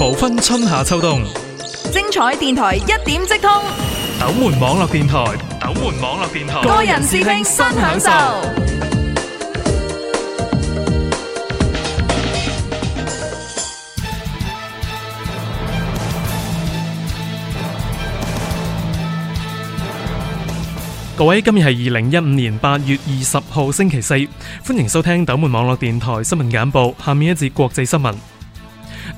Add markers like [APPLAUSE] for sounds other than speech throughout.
無分春夏秋冬，精彩電台一點即通。斗門網絡電台，斗門網絡電台，個人視聽新享受。各位，今日係二零一五年八月二十號星期四，歡迎收聽斗門網絡電台新聞簡報。下面一節國際新聞。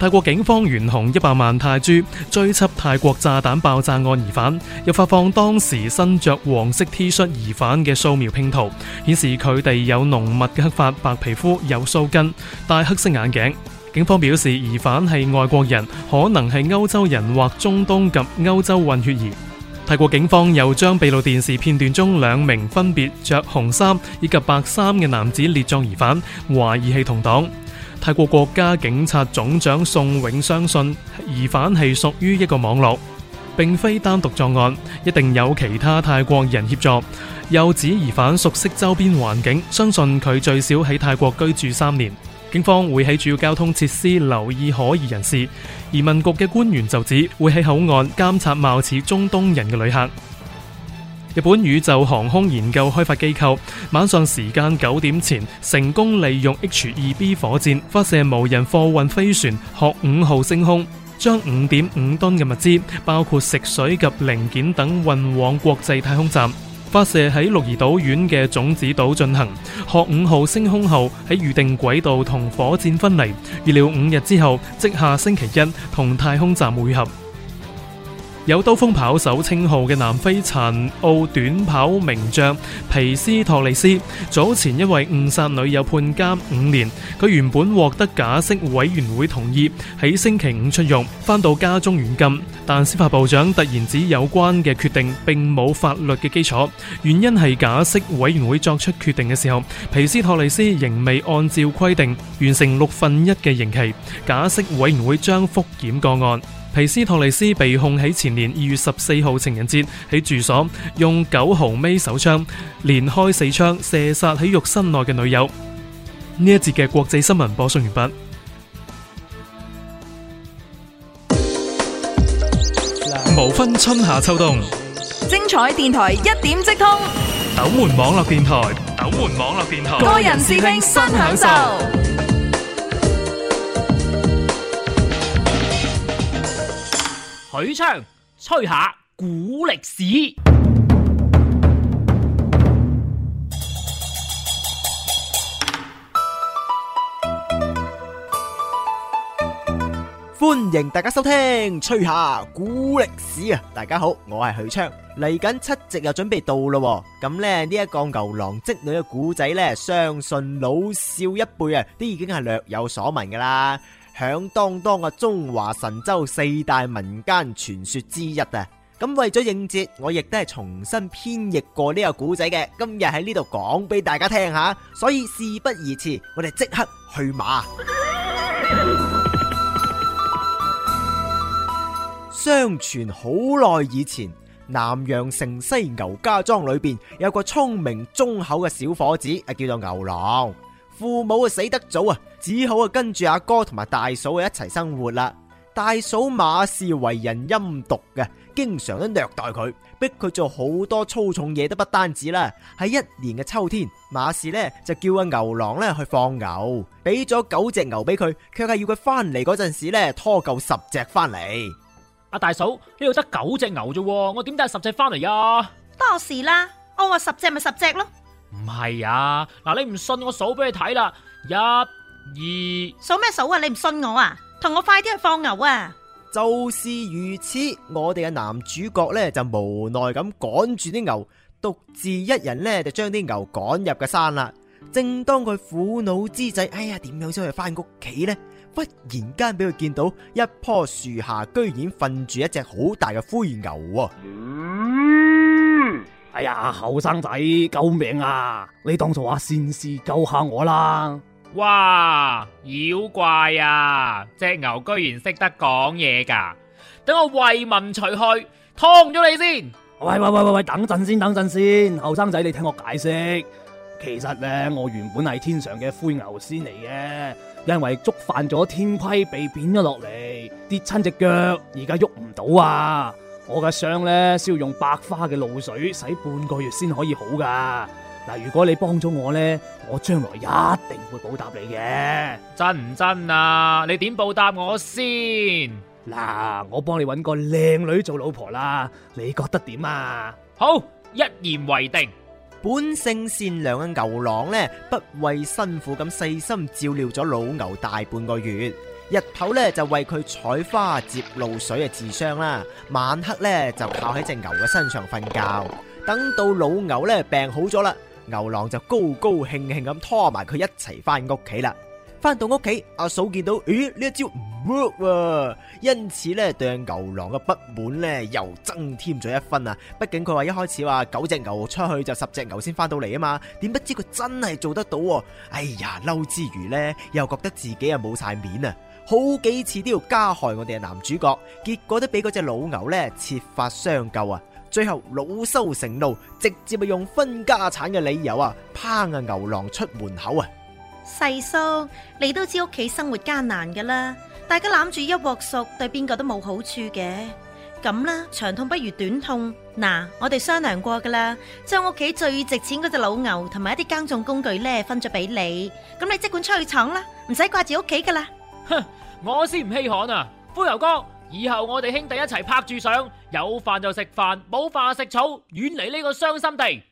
泰國警方懸紅一百萬泰銖追緝泰國炸彈爆炸案疑犯，又發放當時身着黃色 T 恤疑犯嘅掃描拼圖，顯示佢哋有濃密嘅黑髮、白皮膚、有鬚根、戴黑色眼鏡。警方表示疑犯係外國人，可能係歐洲人或中東及歐洲混血兒。泰國警方又將閉路電視片段中兩名分別着紅衫以及白衫嘅男子列作疑犯，懷疑係同黨。泰國國家警察總長宋永，相信疑犯係屬於一個網絡，並非單獨作案，一定有其他泰國人協助。又指疑犯熟悉周邊環境，相信佢最少喺泰國居住三年。警方會喺主要交通設施留意可疑人士，移民局嘅官員就指會喺口岸監察貌似中東人嘅旅客。日本宇宙航空研究開發機構晚上時間九點前成功利用 H2B 火箭發射無人貨運飛船“學五號”升空，將五點五噸嘅物資，包括食水及零件等運往國際太空站。發射喺鹿兒島縣嘅種子島進行。學五號升空後喺預定軌道同火箭分離，預料五日之後，即下星期一同太空站會合。有刀鋒跑手稱號嘅南非殘奧短跑名將皮斯托利斯，早前因為誤殺女友判監五年。佢原本獲得假釋委員會同意喺星期五出獄，翻到家中軟禁。但司法部長突然指有關嘅決定並冇法律嘅基礎，原因係假釋委員會作出決定嘅時候，皮斯托利斯仍未按照規定完成六分一嘅刑期，假釋委員會將複檢個案。皮斯托利斯被控喺前年二月十四號情人節，喺住所用九毫米手槍連開四槍射殺喺浴室內嘅女友。呢一節嘅國際新聞播送完畢。無分春夏秋冬，精彩電台一點即通。斗門網絡電台，斗門網絡電台，個人視聽新享受。.許昌吹下古歷史，歡迎大家收聽吹下古歷史啊！大家好，我係許昌，嚟緊七夕又準備到咯，咁呢呢一個牛郎織女嘅古仔呢，相信老少一輩啊，都已經係略有所聞噶啦。響當當嘅中華神州四大民間傳說之一啊！咁為咗應節，我亦都係重新編譯過呢個古仔嘅。今日喺呢度講俾大家聽下，所以事不宜遲，我哋即刻去馬。 [NOISE] 相傳好耐以前，南陽城西牛家莊裏邊有個聰明忠厚嘅小伙子，啊，叫做牛郎。父母啊死得早啊，只好啊跟住阿哥同埋大嫂啊一齊生活啦。大嫂馬氏為人陰毒嘅，經常都虐待佢，逼佢做好多粗重嘢都不單止啦。喺一年嘅秋天，馬氏呢就叫阿牛郎呢去放牛，俾咗九隻牛俾佢，却係要佢翻嚟嗰陣時呢拖夠十隻翻嚟。阿大嫂，你又得九隻牛咋？我點帶十隻翻嚟啊？多事啦，我話十隻咪十隻咯。唔係啊！嗱，你唔信我數俾你睇啦，一、二。數咩數啊？你唔信我啊？同我快啲去放牛啊！就是如此，我哋嘅男主角呢就無奈咁趕住啲牛，獨自一人呢就將啲牛趕入個山啦。正當佢苦惱之際，哎呀，點樣先可以翻屋企呢？忽然間俾佢見到一棵樹下，居然瞓住一隻好大嘅灰牛啊！嗯哎呀，後生仔救命啊！你當做話善事救下我啦！哇，妖怪啊，隻牛居然識得講嘢噶！等我為民除害，劏咗你先！喂喂喂喂喂，等陣先，等陣先，後生仔你聽我解釋，其實呢，我原本係天上嘅灰牛仙嚟嘅，因為觸犯咗天規被貶咗落嚟，跌親隻腳，而家喐唔到啊！我嘅傷咧需要用百花嘅露水洗半個月先可以好㗎。嗱，如果你幫咗我呢，我將來一定會報答你嘅。真唔真啊？你點報答我先？嗱，我幫你搵個靚女做老婆啦。你覺得點啊？好，一言為定。本性善良嘅牛郎呢，不畏辛苦咁細心照料咗老牛大半個月。日頭咧就為佢採花接露水嘅治傷啦，晚黑咧就靠喺隻牛嘅身上瞓覺。等到老牛咧病好咗啦，牛郎就高高興興咁拖埋佢一齊翻屋企啦。翻到屋企，阿嫂見到，咦呢一招唔 work 喎，因此咧對牛郎嘅不滿咧又增添咗一分啊。畢竟佢話一開始話九隻牛出去就十隻牛先翻到嚟啊嘛，點不知佢真係做得到，啊？哎呀，嬲之餘咧又覺得自己啊冇晒面啊！好幾次都要加害我哋嘅男主角，結果都俾嗰隻老牛呢設法相救啊！最後惱羞成怒，直接啊用分家產嘅理由啊拋個牛郎出門口啊！細叔，你都知屋企生活艱難噶啦，大家攬住一鑊熟對邊個都冇好處嘅。咁啦，長痛不如短痛，嗱，我哋商量過噶啦，將屋企最值錢嗰隻老牛同埋一啲耕種工具呢分咗俾你，咁你即管出去闖啦，唔使掛住屋企噶啦，哼！ [LAUGHS] 我先唔稀罕啊，灰油哥！以後我哋兄弟一齊拍住上，有飯就食飯，冇飯食草，遠離呢個傷心地。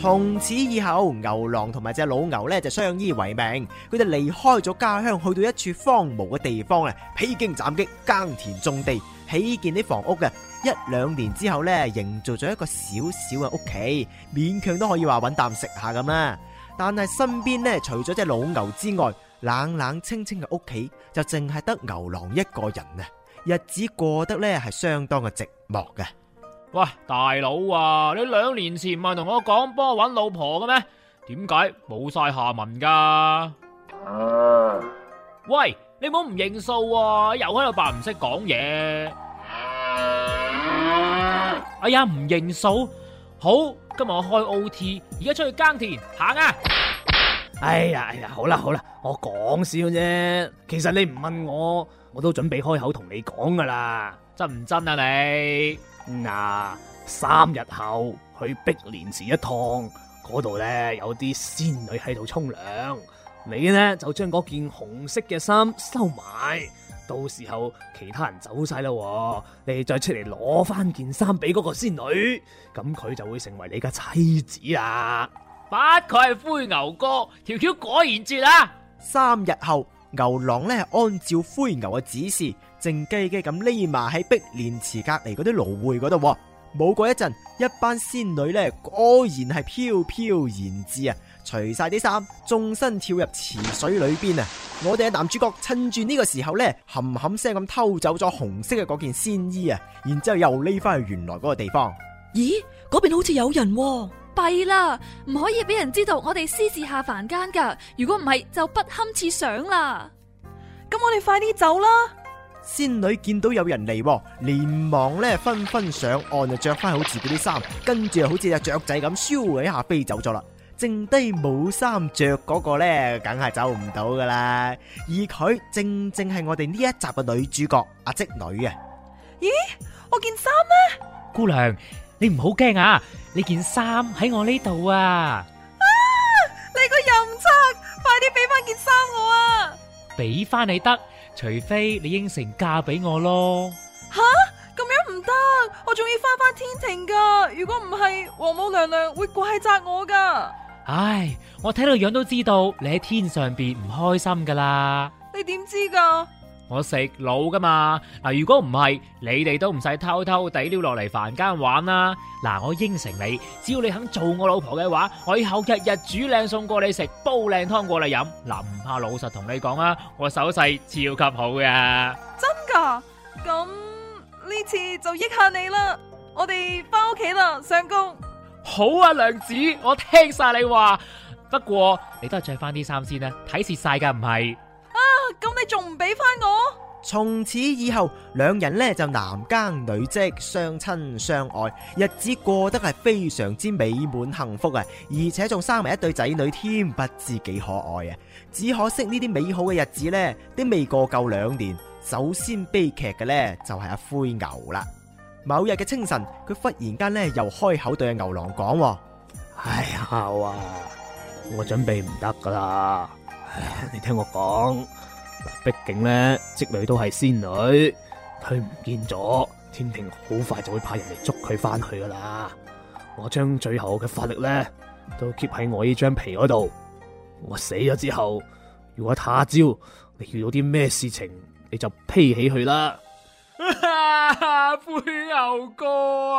從此以後，牛郎同埋隻老牛呢就相依為命，佢哋離開咗家鄉，去到一處荒蕪嘅地方啊，披荊斬棘，耕田種地，起建啲房屋嘅。一兩年之後呢，營造咗一個小小嘅屋企，勉強都可以話揾啖食下咁啦。但係身邊呢，除咗隻老牛之外，冷冷清清嘅屋企就淨係得牛郎一個人啊，日子過得咧係相當嘅寂寞嘅。喂，大佬啊，你兩年前唔係同我講幫我搵老婆嘅咩？點解冇晒下文噶？喂，你唔好唔認數，又喺度扮唔識講嘢。哎呀，唔認數。好，今日我開 OT，而家出去耕田，行啊！哎呀，哎呀，好啦，好啦，我講笑啫。其實你唔問我，我都準備開口同你講噶啦。真唔真啊你？嗱、嗯啊，三日後去碧蓮池一趟，嗰度呢有啲仙女喺度沖涼。你呢就將嗰件紅色嘅衫收埋，到時候其他人走晒啦，你再出嚟攞翻件衫俾嗰個仙女，咁佢就會成為你嘅妻子啊！不愧係灰牛哥，條橋果然絕啊！三日後，牛郎咧按照灰牛嘅指示，靜雞雞咁匿埋喺碧蓮池隔籬嗰啲蘆薈嗰度。冇過一陣，一班仙女咧果然係飄飄然至啊！除晒啲衫，縱身跳入池水裏邊啊！我哋嘅男主角趁住呢個時候呢，含含聲咁偷走咗紅色嘅嗰件仙衣啊！然之後又匿翻去原來嗰個地方。咦？嗰邊好似有人、啊。係啦，唔可以俾人知道我哋私自下凡間噶。如果唔係，就不堪設想啦。咁我哋快啲走啦！仙女見到有人嚟，連忙咧紛紛上岸就着翻好自己啲衫，跟住好似隻雀仔咁，咻一下飛走咗啦。剩低冇衫着嗰個咧，梗係走唔到噶啦。而佢正正係我哋呢一集嘅女主角阿織女啊！咦，我件衫呢？姑娘。你唔好驚啊！你件衫喺我呢度啊！你個淫賊，快啲俾翻件衫我啊！俾翻你得，除非你應承嫁俾我咯。吓、啊，咁樣唔得，我仲要翻翻天庭噶。如果唔係，王母娘娘會怪責我噶。唉，我睇到樣都知道你喺天上邊唔開心噶啦。你點知噶？我食老噶嘛嗱，如果唔係，你哋都唔使偷偷地溜落嚟凡間玩啦。嗱，我應承你，只要你肯做我老婆嘅話，我以後日日煮靚餸過你食，煲靚湯過你飲。嗱，唔怕老實同你講吖，我手勢超級好嘅。真噶？咁呢次就益下你啦。我哋翻屋企啦，相公。好啊，娘子，我聽晒你話。不過你都係着翻啲衫先啦，睇蝕晒噶，唔係。咁你仲唔俾翻我？從此以後，兩人咧就男耕女織，相親相愛，日子過得係非常之美滿幸福啊！而且仲生埋一對仔女添，不知幾可愛啊！只可惜呢啲美好嘅日子咧，都未過夠兩年，首先悲劇嘅咧就係阿灰牛啦。某日嘅清晨，佢忽然間咧又開口對阿牛郎講：哎呀，我準備唔得噶啦，你聽我講。畢竟咧，織女都係仙女，佢唔見咗，天庭好快就會派人嚟捉佢翻去噶啦。我將最後嘅法力咧都 keep 喺我呢張皮嗰度。我死咗之後，如果他朝你遇到啲咩事情，你就披起佢啦。啊，灰牛哥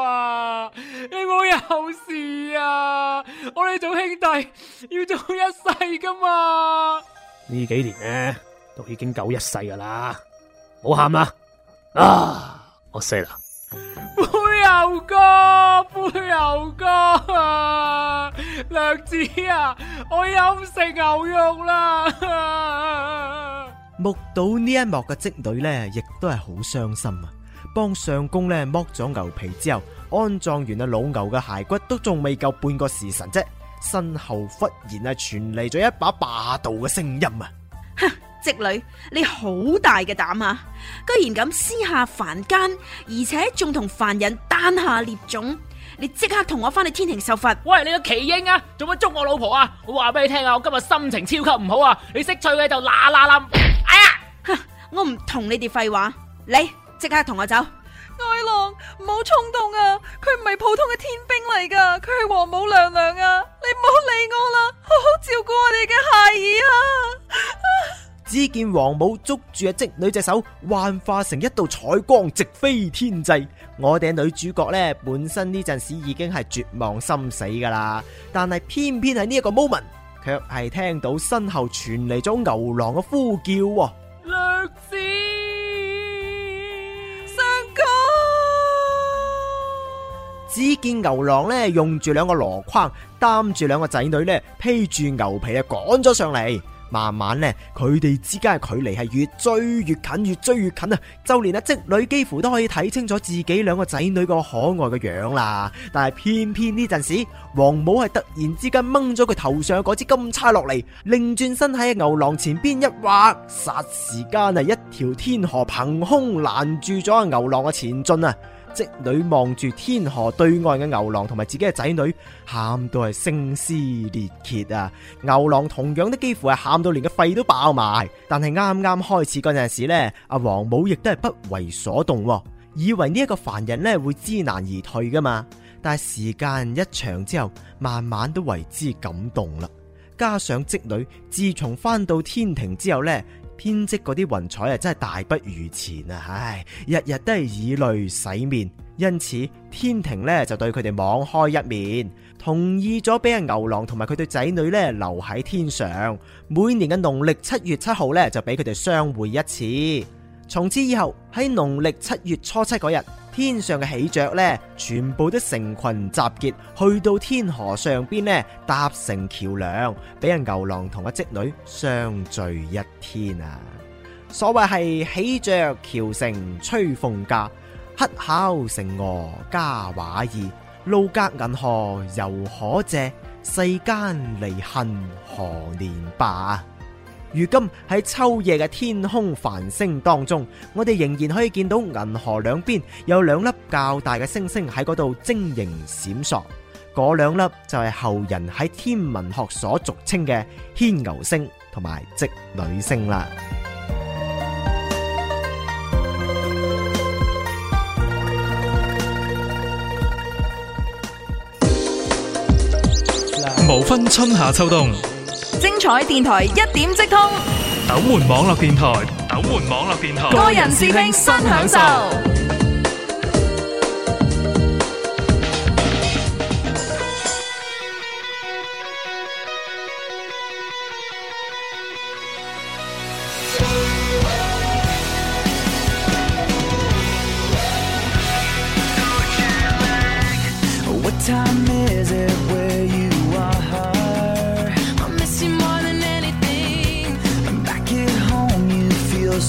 啊，你冇有,有事啊，我哋做兄弟要做一世噶嘛。呢幾年咧？已經夠一世噶啦，唔好喊啦！啊，我死啦！背牛哥，背牛哥啊！娘子啊，我飲食牛肉啦！啊、目睹呢一幕嘅織女呢，亦都係好傷心啊！幫相公呢，剝咗牛皮之後，安葬完啊老牛嘅骸骨，都仲未夠半個時辰啫，身後忽然啊傳嚟咗一把霸道嘅聲音啊！ [LAUGHS] 織女，你好大嘅膽啊！居然敢私下凡間，而且仲同凡人誕下孽種，你即刻同我返去天庭受罰！喂，你個奇英啊，做乜捉我老婆啊？我話俾你聽啊，我今日心情超級唔好啊！你識趣嘅就嗱嗱冧，哎呀， [LAUGHS] 我唔同你哋廢話，你即刻同我走。愛郎，唔好衝動啊！佢唔係普通嘅天兵嚟噶，佢係王母娘娘啊！你唔好理我啦，好好照顧我哋嘅孩兒啊！ [LAUGHS] 只見王母捉住阿織女隻手，幻化成一道彩光，直飛天際。我哋女主角呢，本身呢陣時已經係絕望心死噶啦，但係偏偏喺呢一個 moment，卻係聽到身後傳嚟咗牛郎嘅呼叫。娘子，相公。只見牛郎呢，用住兩個籮筐，擔住兩個仔女呢，披住牛皮啊，趕咗上嚟。慢慢咧，佢哋之間嘅距離係越追越近，越追越近啊！就連阿織女幾乎都可以睇清楚自己兩個仔女個可愛嘅樣啦。但係偏偏呢陣時，王母係突然之間掹咗佢頭上嗰支金釵落嚟，擰轉身喺牛郎前邊一劃，霎時間啊，一條天河憑空攔住咗牛郎嘅前進啊！織女望住天河對岸嘅牛郎同埋自己嘅仔女，喊到係聲嘶力竭啊！牛郎同樣都幾乎係喊到連個肺都爆埋。但係啱啱開始嗰陣時呢，阿王母亦都係不為所動，以為呢一個凡人呢會知難而退噶嘛。但係時間一長之後，慢慢都為之感動啦。加上織女自從翻到天庭之後呢。天際嗰啲雲彩啊，真係大不如前啊！唉，日日都係以淚洗面，因此天庭咧就對佢哋網開一面，同意咗俾阿牛郎同埋佢對仔女咧留喺天上，每年嘅農曆七月七號咧就俾佢哋相會一次。從此以後喺農曆七月初七嗰日。天上嘅喜鵲呢，全部都成群集結，去到天河上邊呢，搭成橋樑，俾人牛郎同個織女相聚一天啊！所謂係喜鵲橋成，吹鳳架，乞巧成娥加話意「路隔銀河猶可借，世間離恨何年罷」。如今喺秋夜嘅天空繁星當中，我哋仍然可以見到銀河兩邊有兩粒較大嘅星星喺嗰度晶瑩閃爍，嗰兩粒就係後人喺天文學所俗稱嘅牽牛星同埋織女星啦。無分春夏秋冬。精彩電台一點即通，斗門網絡電台，斗門網絡電台，個人視聽新享受。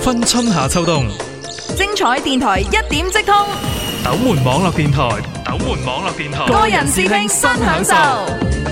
分春夏秋冬，精彩電台一點即通。斗門網絡電台，斗門網絡電台，個人視聽新享受。